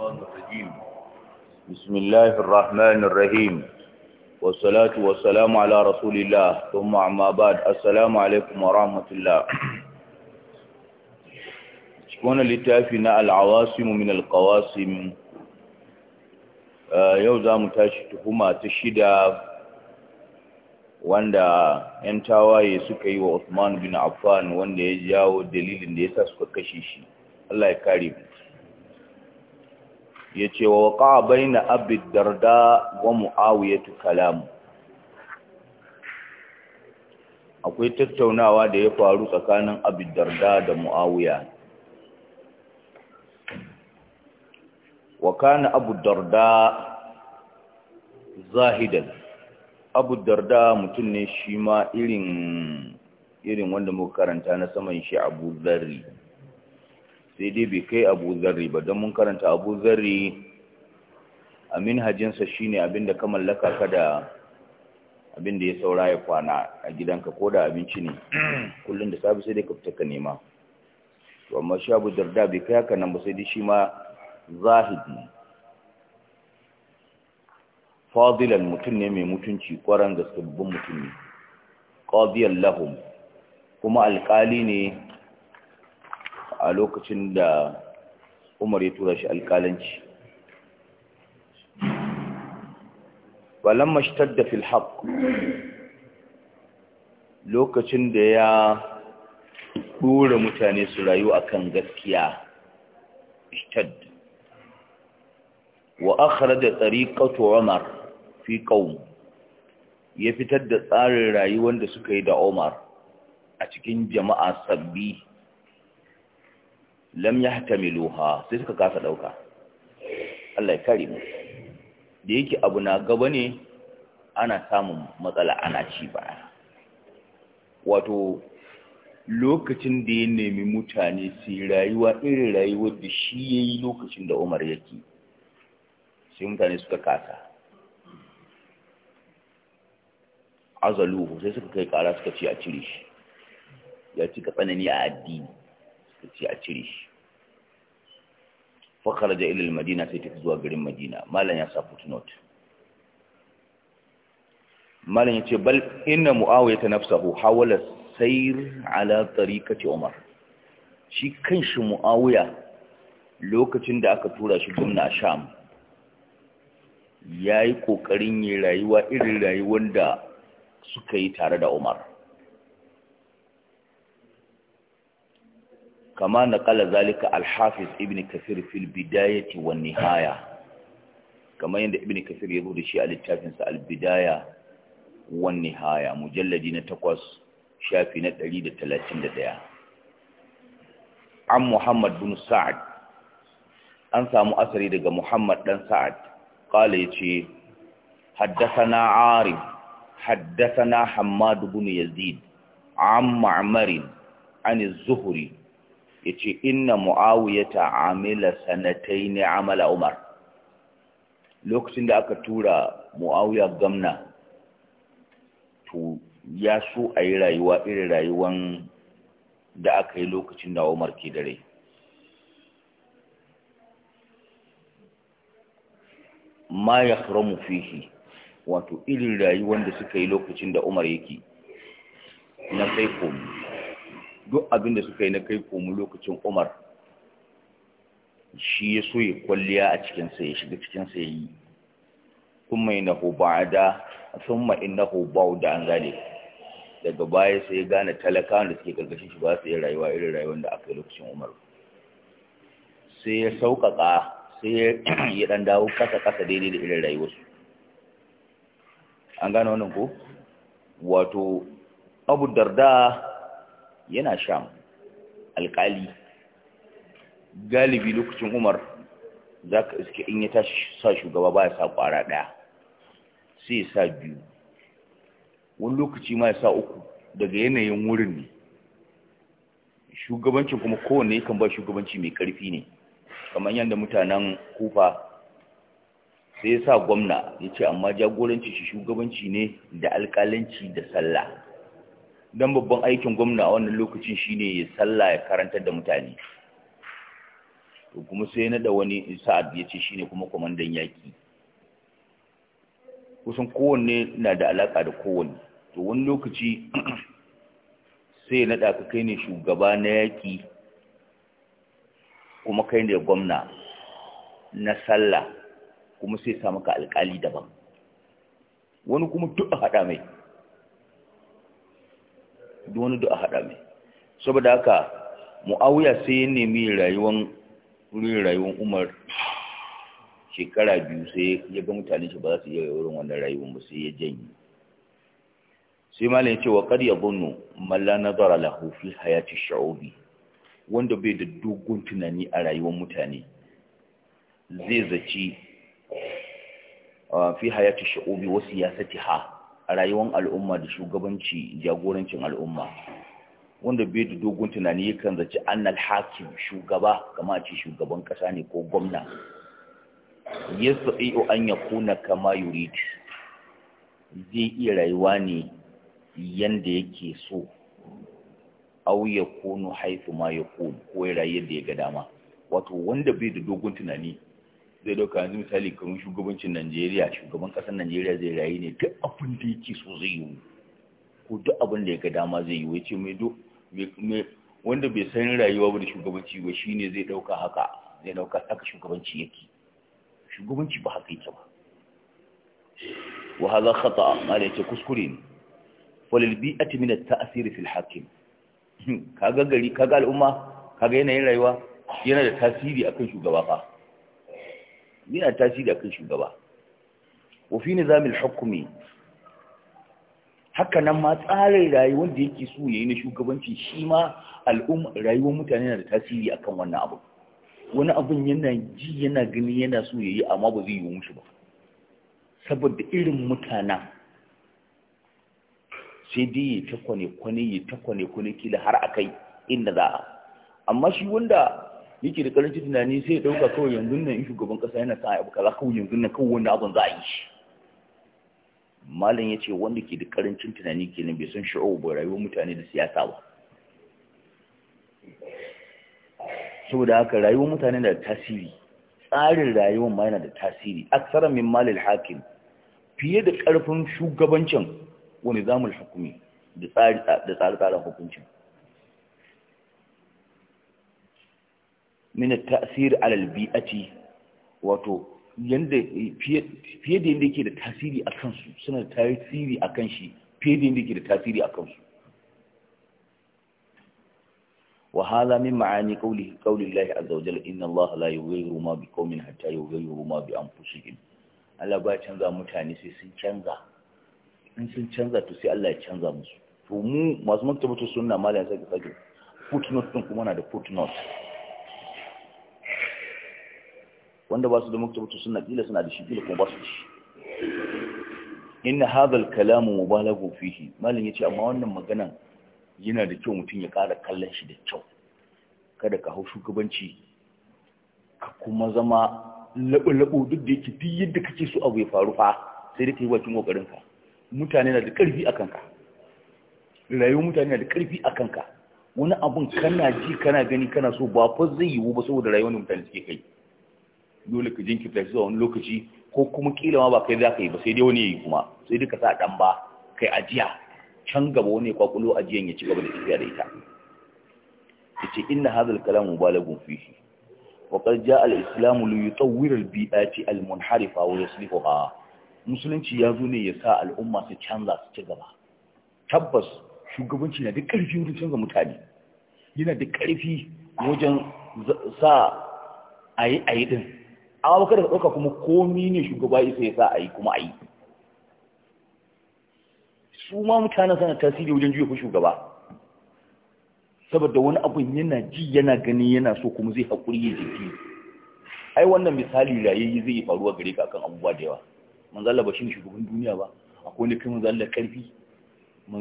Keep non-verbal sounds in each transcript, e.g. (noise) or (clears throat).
الشيطان الرجيم بسم الله الرحمن الرحيم والصلاة والسلام على رسول الله ثم أما بعد السلام عليكم ورحمة الله شكونا لتافنا العواصم من القواسم يوزا متاشتهما تشدا wanda 'yan tawaye suka yi wa Uthman bin Affan wanda ya jawo dalilin da ya sa suka kashe shi Allah ya kare mu ya ce wa waƙa baina abid darda wa mu'awiyatu kalamu akwai tattaunawa da ya faru tsakanin abid darda da mu'awiya wa abu darda zahidan abu darda mutum ne shi ma irin wanda muka karanta na saman shi abu zarri sai dai bai kai abu zarri ba don mun karanta abu zarri a minhajinsa shine abinda ka mallaka ka da abinda ya saura ya kwana a gidanka ko da abinci ne (clears throat) kullum da safe sai dai ka fita ka nema to amma shi abu zarda bai kai haka nan ba sai dai shi ma zahidi. fadilan mutum ne mai mutunci kwaran gaske babban mutum ne qadiyan lahum kuma alkali ne a lokacin da umar ya tura shi alƙalanci balamma shtadda fil haqq lokacin da ya dora mutane su rayu akan gaskiya ishtad wa akhraja tariqatu umar fi qawm ya fitar da tsarin rayuwar da suka yi da umar a cikin jama'a sabbi lam yahtamiluha sai suka kasa ɗauka. Allah ya kare mu da yake abu na gaba ne ana samun matsala ana ci ba wato lokacin da ya nemi mutane su rayuwa irin rayuwar da shi ya yi lokacin da Umar yake sai mutane suka kasa azaluhu sai suka kai kara suka ce a cire shi ya cika tsanani a addini ta ce a cire shi fakar da ilil madina sai tafi zuwa garin madina malam ya sa footnote malam ya ce bal inna mu'awiyya ta nafsahu hawala sayir ala tariqati umar shi kanshi mu'awiya lokacin da aka tura shi gwamna sham yayi ƙoƙarin yi rayuwa irin rayuwar da suka yi tare da umar kama naqala zalika al ibn kasir fil bidayati wan nihaya kama yanda ibn kasir ya da shi a littafin sa al-bidaya wan nihaya mujalladi na 8 shafi na 131 an muhammad bin sa'ad an samu asari daga muhammad dan sa'ad qala yace حدثنا عارف حدثنا حماد بن Yazid, عن معمر عن الزهري yace inna muawiyata amila sanatayn amala umar lokacin da aka tura muawiya gamna to ya so a yi rayuwa irin rayuwan da aka yi lokacin da umar ke dare ma ya kharamu fihi wato irin rayuwan da suka yi lokacin da umar yake na sai ko. duk abin da suka yi na kai komu lokacin umar shi ya so ya kwalliya a cikinsa ya shiga cikinsa ya yi kuma yana hubada sun na hubau da an zane daga baya sai ya gane talaka da suke gargashin shi ba su yi rayuwa irin rayuwar da aka yi lokacin umar sai ya sauƙaƙa sai ya (clears throat) ɗan dawo ƙasa-ƙasa daidai da irin rayuwarsu an gane wannan ko wato abu darda yana sham alkali. galibi lokacin umar za ka iske in ya tashi sa shugaba ba ya sa ƙwara ɗaya sai ya sa biyu wani lokaci ma ya sa uku daga yanayin wurin ne shugabancin kuma kowane yakan ba shugabanci mai ƙarfi ne kamar yadda mutanen kufa sai ya sa gwamna ya ce amma jagoranci shi shugabanci ne da alƙalanci da sallah don babban aikin gwamna a wannan lokacin shine ya salla ya karantar da mutane to kuma sai na da wani sa'ad ya ce shine kuma kwamandan yaki kusan kowanne na da alaka da kowanne to wani lokaci (clears throat) sai na ka kai ne shugaba na yaki kuma kai ne gwamna na sallah kuma sai sa maka alkali daban wani kuma duk a haɗa mai duk da a haɗa mai saboda haka mu'awiya sai ya nemi rayuwan wurin rayuwan umar shekara biyu sai ya ga mutane shi ba za su yi wurin wannan rayuwan ba sai ya janyi sai malam ya ce wa qad yadhunnu man la nazara lahu fi hayati sha'ubi wanda bai da dogon tunani a rayuwar mutane zai zaci ah, fi hayati ya sati ha. a rayuwar al'umma da shugabanci jagorancin al'umma wanda bai da dogon tunani kan zaci annal hakim shugaba kama ce shugaban kasa ne ko gwamna iyo an kuna kama yurid zai iya rayuwa ne yanda yake so ya kunu haifu ma ya kunu ko ya rayu yadda ya ga dama wato wanda bai da dogon tunani zai dauka yanzu misali kamar shugabancin Najeriya shugaban kasar Najeriya zai rayu ne duk abin da yake so zai yi ko duk abin da ya ga dama zai yi wace mai do wanda bai san rayuwa ba da shugabanci ba shine zai dauka haka zai dauka haka shugabanci yake shugabanci ba haka yake ba wa hadha khata mala yake kuskure ne falil bi'ati min at-ta'sir fi al-hakim kaga gari kaga al'umma kaga yanayin rayuwa yana da tasiri akan shugaba fa yana tasiri akan shugaba wa fi nizamil hukumi. haka nan ma tsarin rayuwar da yake so yayi na shugabanci shi ma al'umma rayuwar mutane na da tasiri akan wannan abu wani abun yana ji yana gani yana so yayi amma ba zai yi mushi ba saboda irin mutana sai dai ya ta kwane ya ta kwane kwane kila har akai inda za a amma shi wanda yake da karancin tunani sai ya dauka kawai yanzu nan in shugaban kasa yana sa abu kaza kawai yanzu nan kawai wanda abin za a yi shi malam ya ce wanda ke da karancin tunani ke nan bai san sha'o ba rayuwar mutane da siyasa ba saboda haka rayuwar mutane na da tasiri tsarin rayuwar ma yana da tasiri aksara min malil hakim fiye da karfin shugabancin wani zamul hukumi da tsare-tsaren hukuncin min tasiri alal bi'ati wato yanda fiye da yanda yake da tasiri a kansu suna da tasiri a kan shi fiye da yanda yake da tasiri a kansu wa hadha min ma'ani qawli qawli Allah azza wa jalla inna Allah la yughayyiru ma biqawmin hatta yughayyiru ma bi anfusihim Allah ba canza mutane sai sun canza in sun canza to sai Allah ya canza musu to mu masu maktabatu sunna malam sai ka sake footnote din kuma na da footnote wanda ba su da maktabatu sunna kila suna da shi kila kuma ba su da shi inna wa kalamu mubalagu fihi malin yace amma wannan maganan yana da kyau mutum ya ƙara kallon shi da kyau kada ka hau shugabanci ka kuma zama laɓo-laɓo duk da yake duk yadda kake so abu ya faru fa sai dai ka yi bakin ƙoƙarinka mutane na da ƙarfi a kanka rayuwar mutane na da ƙarfi a kanka wani abun kana ji kana gani kana so ba fa zai yiwu ba saboda rayuwar mutane suke kai dole ka jinkirta shi zuwa wani lokaci ko kuma kila ma ba kai za ka yi ba sai dai wani ya yi kuma sai dai ka sa dan ba kai ajiya can gaba wani kwakulo ajiyan ya ci gaba da tafiya da ita yace inna hadha al-kalam mubalagun fihi wa qad jaa al-islam li yutawwir al-bi'ati al-munharifa wa yuslihuha musulunci ya zo ne ya sa al'umma su canza su ci gaba tabbas shugabanci na da karfi wurin canza mutane yana da ƙarfi wajen sa ayi ayi din amma kada ka ɗauka kuma komi ne shugaba isa ya sa a yi kuma a yi su ma mutanen sana tasiri wajen juya ku shugaba saboda wani abin yana ji yana gani yana so kuma zai haƙuri ya jiki ai wannan misali rayayi zai yi faruwa gare ka kan abubuwa da yawa Man zalla ba shi ne shugaban duniya ba akwai wani kai zalla karfi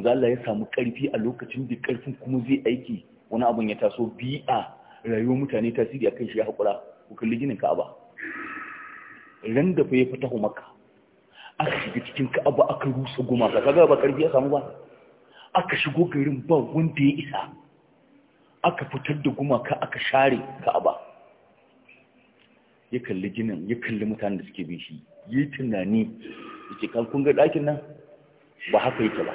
zalla ya samu karfi a lokacin da karfin kuma zai aiki wani abin ya taso bi'a rayuwar mutane tasiri akan shi ya haƙura ku kalli ginin ka'aba ran da fa ya fita maka aka shiga cikin ka'aba aka rusa Ka kaga ba karfi ya samu ba aka shigo garin ba wanda ya isa aka fitar da ka aka share ka'aba ya kalli ginin ya kalli mutanen da suke bin shi yi tunani ce kan kun ga ɗakin nan ba haka yake ba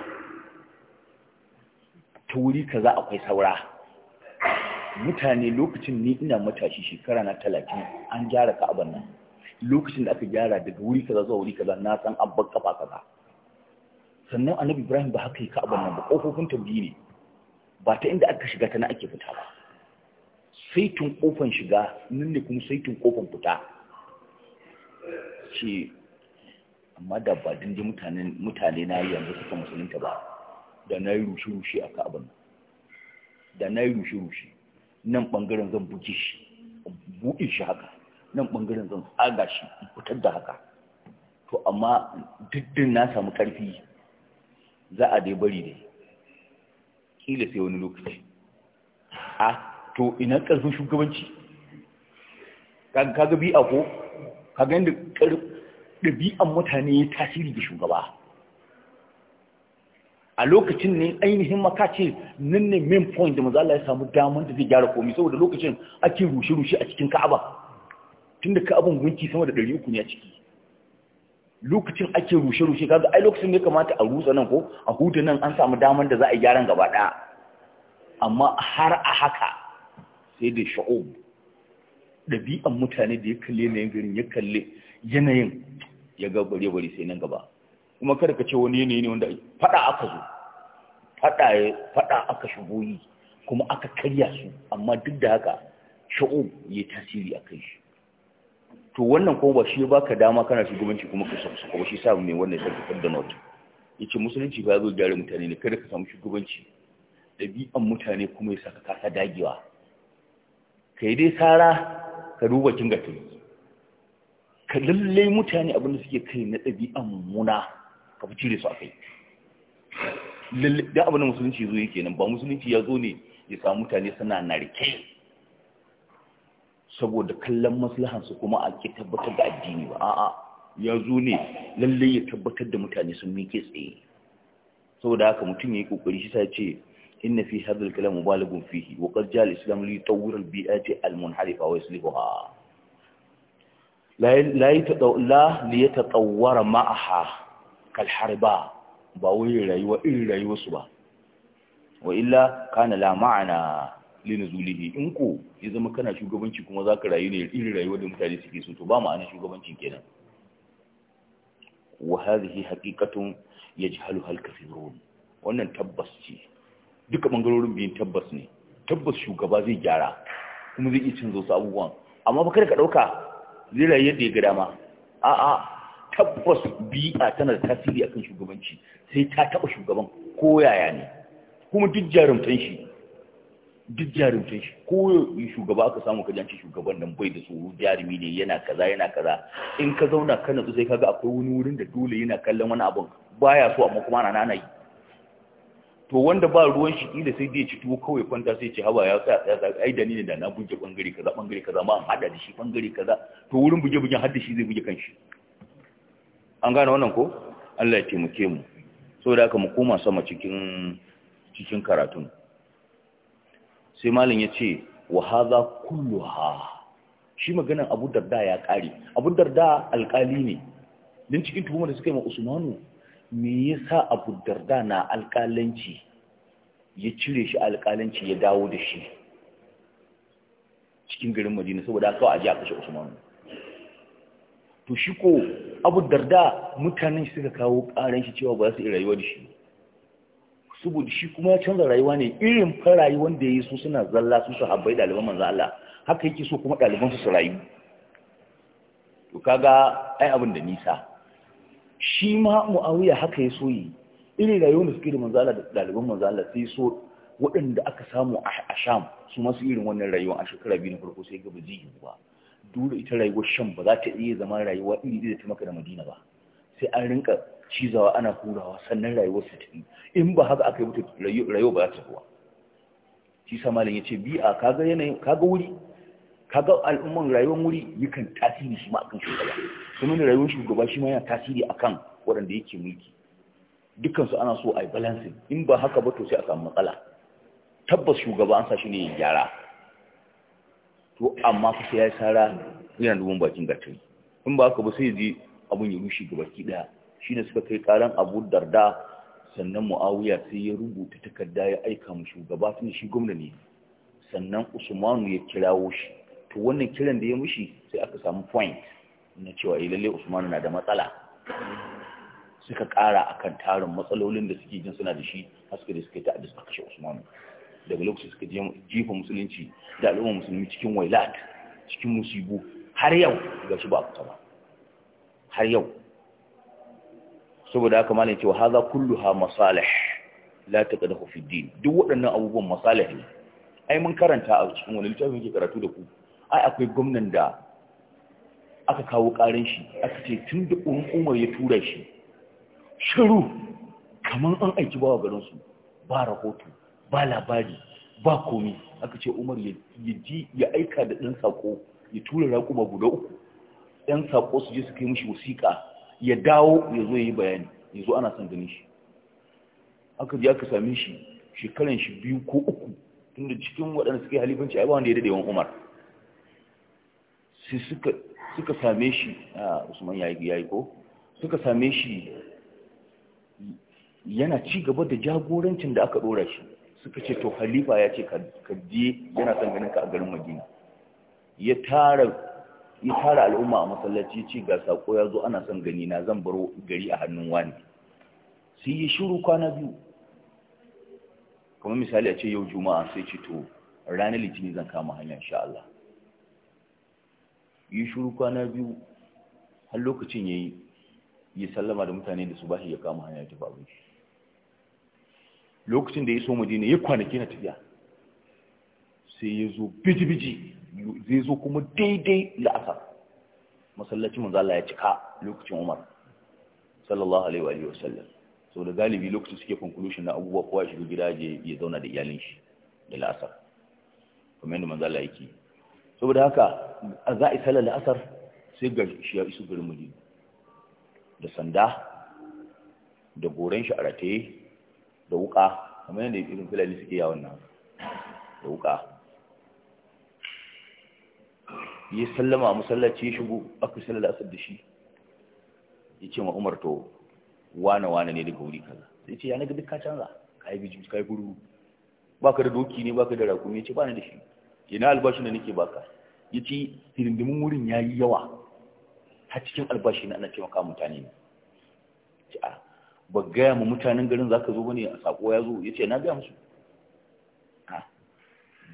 ta wuri ka za akwai saura mutane lokacin ni ina matashi shekara na talatin an gyara ka'aban nan lokacin da aka gyara daga wuri kaza zuwa wuri kaza na san an bar kafa kaza sannan annabi ibrahim ba haka yi ka'abar nan ba kofofin tambi ne ba ta inda aka shiga ta na ake fita ba saitin kofan shiga nan ne kuma saitin kofan fita ce amma da ba dinji mutane na yanzu suka musulunta ba da na yi rushe-rushe a ka'abar nan da na yi rushe-rushe nan bangaren zan buke shi buɗe shi haka nan ɓangaren zan tsaga shi fitar da haka to amma duddin na samu ƙarfi za a dai bari dai kila sai wani lokaci a to ina ƙarfin shugabanci kaga bi a ko da yadda ɗabi'an mutane ya tasiri ga shugaba a lokacin ne ainihin makace nan ne main point da maza Allah ya samu damar da zai gyara komi saboda lokacin ake rushe-rushe a cikin ka'aba Tunda da ka abin gunki sama da 300 ne a ciki lokacin ake rushe-rushe kaga ai lokacin ne kamata a rusa nan ko a huta nan an samu damar da za a gyaran gaba ɗaya amma har a haka sai da sha'ob ɗabi'an mutane da ya kalle yanayin garin ya kalle yanayin ya ga bare-bare sai nan gaba kuma kada ka ce wani yanayi ne wanda faɗa aka zo faɗa aka shigo kuma aka karya su amma duk da haka sha'ob ya tasiri a kai shi to wannan kuma ba shi ba ka dama kana shugabanci kuma ka samu kuma shi samu ne wannan sarkafar da not ya ce musulunci ba zo gyara mutane ne kada ka samu shugabanci ɗabi'an mutane kuma ya saka kasa dagewa ka yi dai sara ka duba kin ga kai ka lallai mutane abin da suke kai na ɗabi'an muna, ka fi cire su a kai lallai da abin da musulunci zo yake nan ba musulunci ya zo ne ya samu mutane suna narke saboda kallon maslahansu kuma a ke tabbatar da addini ba a'a ya zo ne lallai ya tabbatar da mutane sun miƙe tsaye saboda haka mutum ya yi ƙoƙari shi sa ce inna fi hadal kalam mubalagun fihi wa qad jaa al-islam li yutawwir al-bi'ati al-munharifa wa yuslihuha la la la li yatatawwara ma'aha kal harba ba wai rayuwa irin rayuwarsu ba wa illa kana la ma'ana zulihi in ko ya zama kana shugabanci kuma za ka rayu ne irin rayuwar da mutane suke so to ba ma'ana shugabanci kenan wa hadhihi haqiqatun yajhaluha al kafirun wannan tabbas ce duka bangarorin biyun tabbas ne tabbas shugaba zai gyara kuma zai iya canza wasu abubuwan amma ba kada ka dauka zai rayu yadda ya ga dama a'a tabbas bi'a tana da tasiri akan shugabanci sai ta taba shugaban ko yaya ne kuma duk jarumtan shi duk jarumcin shi ko shugaba aka samu jance shugaban nan bai da tsoro jarumi ne yana kaza yana kaza in ka zauna kana su sai kaga akwai wani wurin da dole yana kallon wani abun baya so amma kuma ana nana yi to wanda ba ruwan shi kila sai dai ci tuwo kawai kwanta sai ci haba ya tsaya tsaya ai da ni ne da na buge bangare kaza bangare kaza ma an hada da shi bangare kaza to wurin buge bugen har da shi zai buge kanshi an gane wannan ko Allah ya taimake mu saboda haka mu koma sama cikin cikin karatun sai Mallam ya ce wa haza kulluha shi maganan abu darda ya kare abu darda alkali ne din cikin tuhumar da suka yi ma usmanu me yasa abu darda na alkalanci ya cire shi alkalanci ya dawo da shi cikin garin madina saboda kawai ji a kashe usmanu to shi ko abu darda mutanen shi suka kawo karan shi cewa ba za su iya rayuwa da shi saboda shi kuma ya canza rayuwa ne irin fa wanda da ya yi su suna zalla su habbai ɗaliban manzo Allah haka yake so kuma ɗaliban su su rayu to kaga ai abin da nisa shi ma Muawiya haka ya so yi irin rayuwar da suke da manzo Allah da ɗaliban manzo Allah sai so waɗanda aka samu a Sham su masu irin wannan rayuwa a shekara biyu na farko sai ga ba ba dole ita rayuwar Sham ba za ta iya zama rayuwa iri da ta maka da Madina ba sai an rinka cizawa ana hurawa sannan rayuwar su tafi in ba haka aka yi mutu rayuwa ba za ta kuwa shi sa malam ya ce a kaga yanayin kaga wuri kaga al'umman rayuwar wuri yakan tasiri shi ma akan shugaba kuma ne rayuwar shugaba shi ma yana tasiri akan waɗanda yake mulki dukkan su ana so a yi balancing in ba haka ba to sai a samu matsala tabbas shugaba an sa shi ne ya gyara to amma fa sai ya yi sara yana dubin bakin gatari in ba haka ba sai ya je abun ya rushe ga baki Shi shine suka kai karan Abu Darda sannan Muawiya sai ya rubuta takarda ya aika mu shugaba tun shi gwamna ne sannan Usmanu ya kirawo shi to wannan kiran da ya mushi sai aka samu point na cewa eh lalle Usmanu na da matsala suka kara akan tarin matsalolin da suke jin suna da shi haske da suka yi ta'addis a kashe Usmanu daga lokacin suka jefa musulunci da al'ummar musulmi cikin wailat cikin musibu har yau ga shi ba a ta ba har yau saboda haka malin cewa haza kullu ha masalih la taqdahu fi din duk waɗannan abubuwan masalih ne ai mun karanta a cikin wani littafin yake karatu da ku ai akwai gwamnan da aka kawo karin shi aka ce tun da umar ya tura shi shiru kamar an aiki bawa su ba rahoto ba labari ba komi aka ce umar ya ji ya aika da ɗan sako ya tura raƙuma guda uku ɗan saƙo su je su kai mishi wasiƙa ya dawo ya zo yi bayani ya zo ana son ganin shi aka je aka same shi shekaran shi biyu ko uku tunda cikin waɗanda suke halifanci ai ba wanda ya dade wani Umar sai suka suka same shi a Usman ya yayi ko suka same shi yana ci gaba da jagorancin da aka ɗora shi suka ce to halifa ya ce ka je yana son ganin ka a garin Madina ya tara Yi tara al'umma a masallaci ci ga sako ya zo ana son gani na zan baro gari a hannun wani sai yi shiru kwana biyu kuma misali a ce yau juma'a sai ci to ranar litinin zan kama hanya insha Allah yi shiru kwana biyu har lokacin ya yi sallama da mutane da su bashi ya kama hanya ta babu lokacin da ya so madina ya kwanaki na tafiya sai ya zo biji-biji zai zo kuma daidai la'asar masallacin Manzala ya cika lokacin Umar sallallahu alaihi wa sallam so da galibi lokacin suke conclusion na abubuwa kowa shiga gida je ya zauna da iyalin shi da la'asar kuma yadda Manzala ya yake saboda haka za a sallar la'asar sai ga shi ya isu garin da sanda da goren shi a rataye da wuka kamar yadda irin filali suke yawon nan da wuka ya sallama a masallaci ya shigo aka sallar asar da shi ya ce ma umar to wane wane ne daga wuri kaza sai ce ya naga duk ka canza ka yi biji ka yi guru baka da doki ne baka da rakumi ya ce ba na da shi na albashi da nake baka ya ce hirindimin wurin ya yi yawa ta cikin albashi na ana maka mutane ne ce a ba gaya ma mutanen garin za ka zo bane a sako ya zo ya ce na gaya musu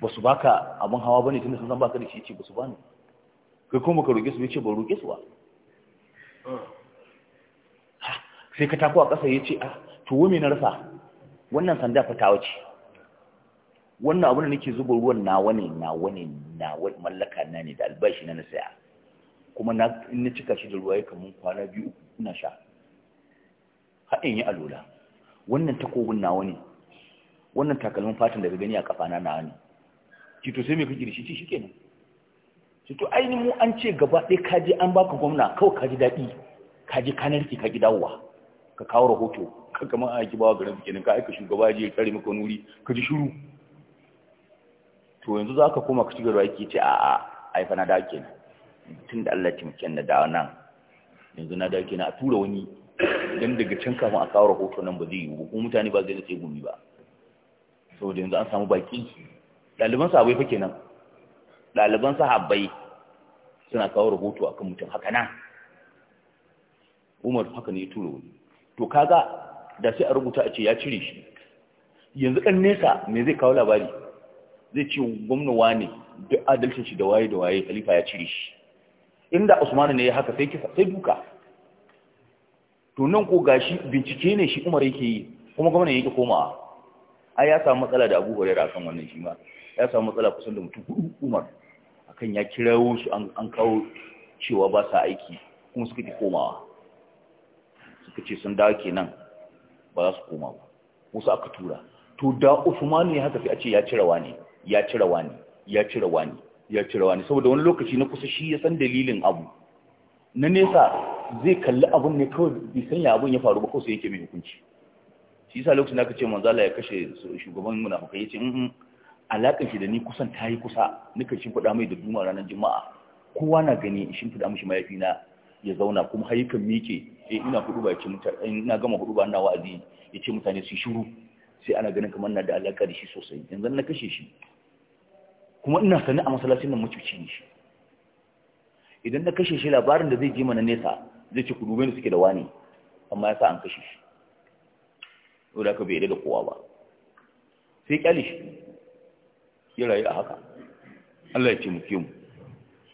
ba su baka abin hawa bane tun da sun san baka da shi ce ba su bani kai kuma ka roƙe su yace ba roƙe su ba sai ka tako a ƙasa yace a, ah, to wai me na rasa wannan sanda fatawa ce wannan abin da nake zuba ruwan nawa ne nawa ne nawa mallaka na ne da albashi na na saya kuma na in na cika shi da ruwa ya kamun kwana biyu ina sha haɗin yi alola wannan takobin nawa ne wannan takalmin fatan daga gani a kafana na ne ki to sai me kake da shi ci shikenan to aini mu an ce gaba ɗaya kaji an baka gwamna kawai kaji daɗi kaji kanarki kaji dawowa ka kawo rahoto ka gama a yaki bawa garin bikinin ka aika shugaba je ya tsare maka nuri ka ji shiru to yanzu za ka koma ka ci gaba yake ce a a aifa na dake na tun da Allah timke na da nan yanzu na dake na a tura wani dan daga can kafin a kawo rahoto nan ba zai yiwu ko mutane ba zai da tsegumi ba saboda yanzu an samu baki ɗaliban sahabbai fa kenan ɗaliban sahabbai suna kawo rahoto akan mutum haka nan umar haka ne ya tura wani to kaga da sai a rubuta a ce ya cire shi yanzu ɗan nesa me zai kawo labari zai ce gwamna wane duk adalcin shi da waye da waye khalifa ya cire shi inda usmanu ne ya haka sai kisa sai duka to nan ko gashi bincike ne shi umar yake yi kuma gwamnati yake komawa ai ya samu matsala da abu hurairah kan wannan shi ma ya samu matsala kusan da mutum hudu umar akan ya kirawo su an kawo cewa ba sa aiki kuma suka ki komawa suka ce sun dawo kenan ba za su koma ba musu aka tura to da Usman ne haka fi a ce ya cirawa ne ya cirawa ne ya cirawa ne ya cirawa ne saboda wani lokaci na kusa shi ya san dalilin abu na nesa zai kalli abun ne kawai bai sanya abun ya faru ba ko sai yake mai hukunci shi yasa lokacin da aka ce manzala ya kashe shugaban munafikai ya ce alaƙar shi da ni kusan ta yi kusa nika fada mai da duma ranar juma'a kowa na gani in fada mishi mayafi na ya zauna kuma yakan miƙe eh ina hudu ba ya ce mutane eh, ina gama hudu ba ina wa'azi ya ce mutane su shiru sai ana ganin kamar na da alaƙa da shi sosai yanzu na kashe shi kuma ina sani a masallacin nan mucuci ne shi idan na kashe shi labarin da zai je mana nesa zai ce ku dube ni suke da wani amma yasa an kashe shi Dole da ka bai da kowa ba sai kyale shi ya a haka Allah ya taimake mu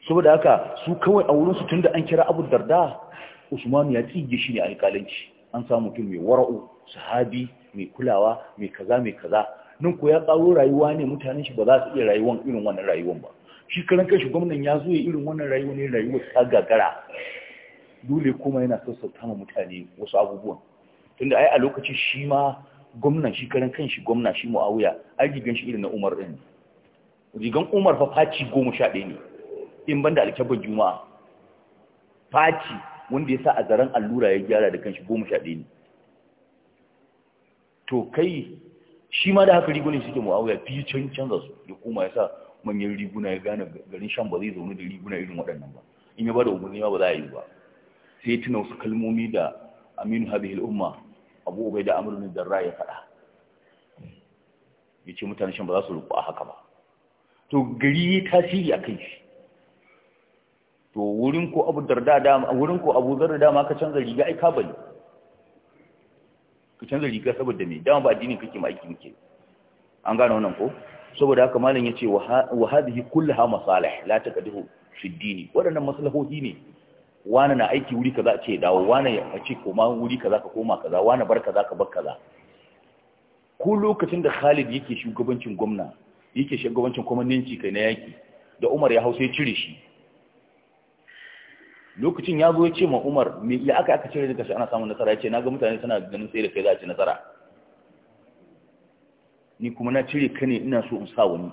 saboda haka su kawai a wurinsu su tunda an kira Abu Darda Usman ya tsige shi ne a alƙalanci an samu mutum mai wara'u sahabi mai kulawa mai kaza mai kaza nan ko ya tsaro rayuwa ne mutanen shi ba za su iya rayuwan irin wannan rayuwan ba shi karan kanshi gwamnan ya zo ya irin wannan rayuwa ne rayuwar ta gagara dole kuma yana sassauta ma mutane wasu abubuwan tunda ai a lokacin shi ma gwamnan shi karan kanshi gwamna shi mu'awiya ai gigan shi irin na Umar din rigan umar fa faci goma sha ɗaya ne in ban da alkyabar juma'a faci wanda ya sa a zaren allura ya gyara da kanshi goma sha ɗaya ne to kai shi ma da haka rigunan suke mu'awiyar fiye can canza su ya koma ya sa manyan riguna ya gane garin shan ba zai zaune da riguna irin waɗannan ba in ya ba da umarni ba za a yi ba sai ya tuna wasu kalmomi da aminu habihil umma abu ubai da amurin zarra ya faɗa ya ce mutane shan ba za su rufu a haka ba to gari tasiri a kai shi to wurin ko abu darda dama wurin ko abu ka canza riga ai ka bari ka canza riga saboda me dama ba addinin kake ma aiki muke an gane wannan ko saboda haka malam ce wa hadhihi kullaha masalih la taqdihu fi dini wadannan maslahohi ne wani na aiki wuri kaza a ce dawo wani ya ce koma wuri kaza ka koma kaza wani bar kaza ka bar kaza ko lokacin da Khalid yake shugabancin gwamna yake shagabancin kwamandanci kai na yaki da umar ya hausa ya cire shi lokacin ya zo ya ce ma umar me ya aka aka cire daga shi ana samun nasara ya ce na ga mutane suna ganin sai da kai za a ci nasara ni kuma na cire ka ne ina so in sa wani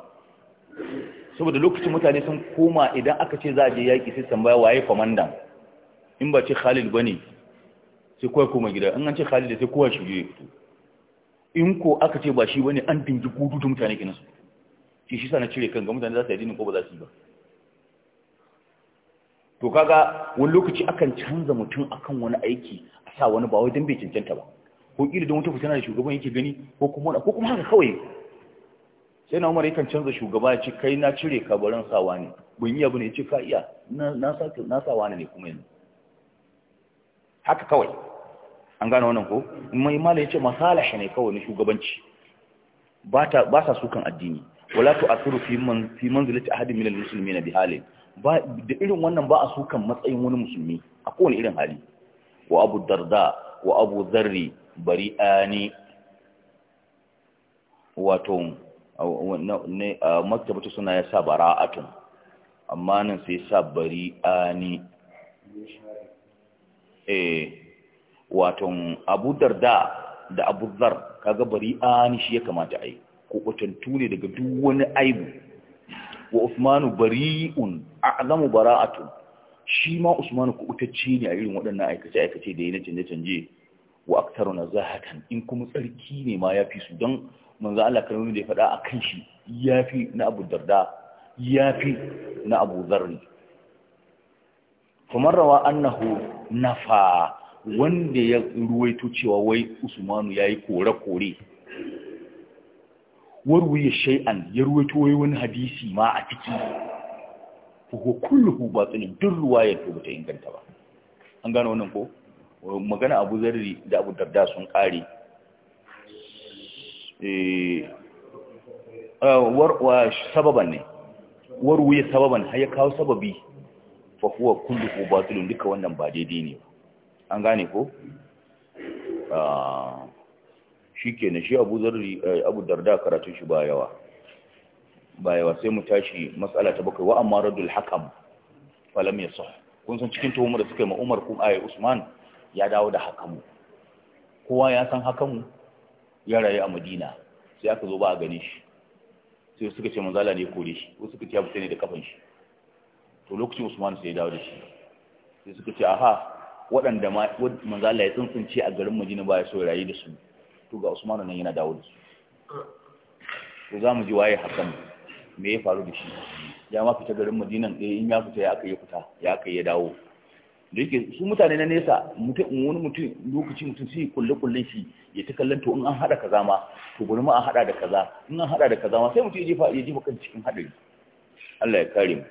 saboda lokacin mutane sun koma idan aka ce za a je yaƙi sai tambaya waye kwamandan in ba ce khalid ba ne sai kowa koma gida in an ce khalid sai kowa shi ya fito in ko aka ce ba shi ba ne an dingi gudu da mutane ke nasu? shi shi sana cire kan ga mutane za su yi dini ko ba za su yi ba to kaga wani lokaci akan canza mutum akan wani aiki a sa wani ba wai dan bai cancanta ba ko kila don wata fitina da shugaban yake gani ko kuma ko kuma haka kawai sai na umar yakan canza shugaba ya ce kai na cire ka barin sawa ne ban abu bane ya ce ka iya na sa na sawa ne kuma yanzu haka kawai an gane wannan ko mai mala ya ce masalahi ne kawai na shugabanci ba sa sukan addini wala tu'athiru fi man fi manzilati ahadin minal muslimina bi halin ba da irin wannan ba a sukan matsayin wani musulmi a kowane irin hali wa abu darda wa abu zarri bari'ani wato ne maktabatu suna ya sa bara'atun amma nan sai sa bari'ani eh wato abu darda da abu zar kaga bari'ani shi ya kamata a yi kubutattu ne daga duk wani aibu wa usmanu bari'un a'zamu bara'atun shi ma usmanu kubutacce ne a irin waɗannan aikace aikace da yana na canje canje wa aktaru nazahatan in kuma tsarki ne ma yafi su don manzo Allah kan da ya faɗa akan shi yafi na Abu Darda yafi na Abu zarni. kuma rawa annahu nafa wanda ya ruwaito cewa wai Usmanu yayi kore kore warwaye shay'an ya ruwaito wani hadisi ma a ku ko kulluhu batilin duk ya ko bata inganta ba an gano wannan ko magana Abu Zarri da Abu Darda sun kare eh ah, sababan ne warwaye sababan har ya kawo sababi fa huwa kulluhu batilin duka wannan ba daidai ne an gane ko ah, shi ke na shi abu zarri eh, abu darda karatun shi ba yawa ba yawa sai mu tashi matsala ta bakwai wa amma radul hakam falam ya sa kun san cikin tuhumar da suka yi ma umar kuma ayi usman ya dawo da hakamu kowa ya san hakamu ya rayu a madina sai aka zo ba a gani shi sai suka ce manzala ne kore shi wasu suka ce ya fita ne da kafan shi to lokacin usman sai ya dawo da shi sai suka ce aha waɗanda manzala ya tsuntsunce a garin madina ba ya so rayu da su to ga Usmanu nan yana dawo da su to za mu ji waye Hassan me ya faru da shi ya ma fita garin Madinan eh in ya fita ya aka yi fita ya aka yi dawo da yake su mutane na nesa mutum wani mutum lokaci mutum sai kulle kulle shi ya ta kallon to in an hada kaza ma to gurin ma an hada da kaza in an hada da kaza ma sai mutum ya jefa ya jefa kan cikin hadari Allah ya kare mu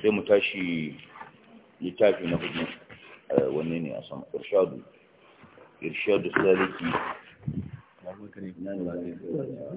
sai mu tashi littafi na hudu eh, wanne ne a sama irshadu irshad saliki Allah kare ibn Allah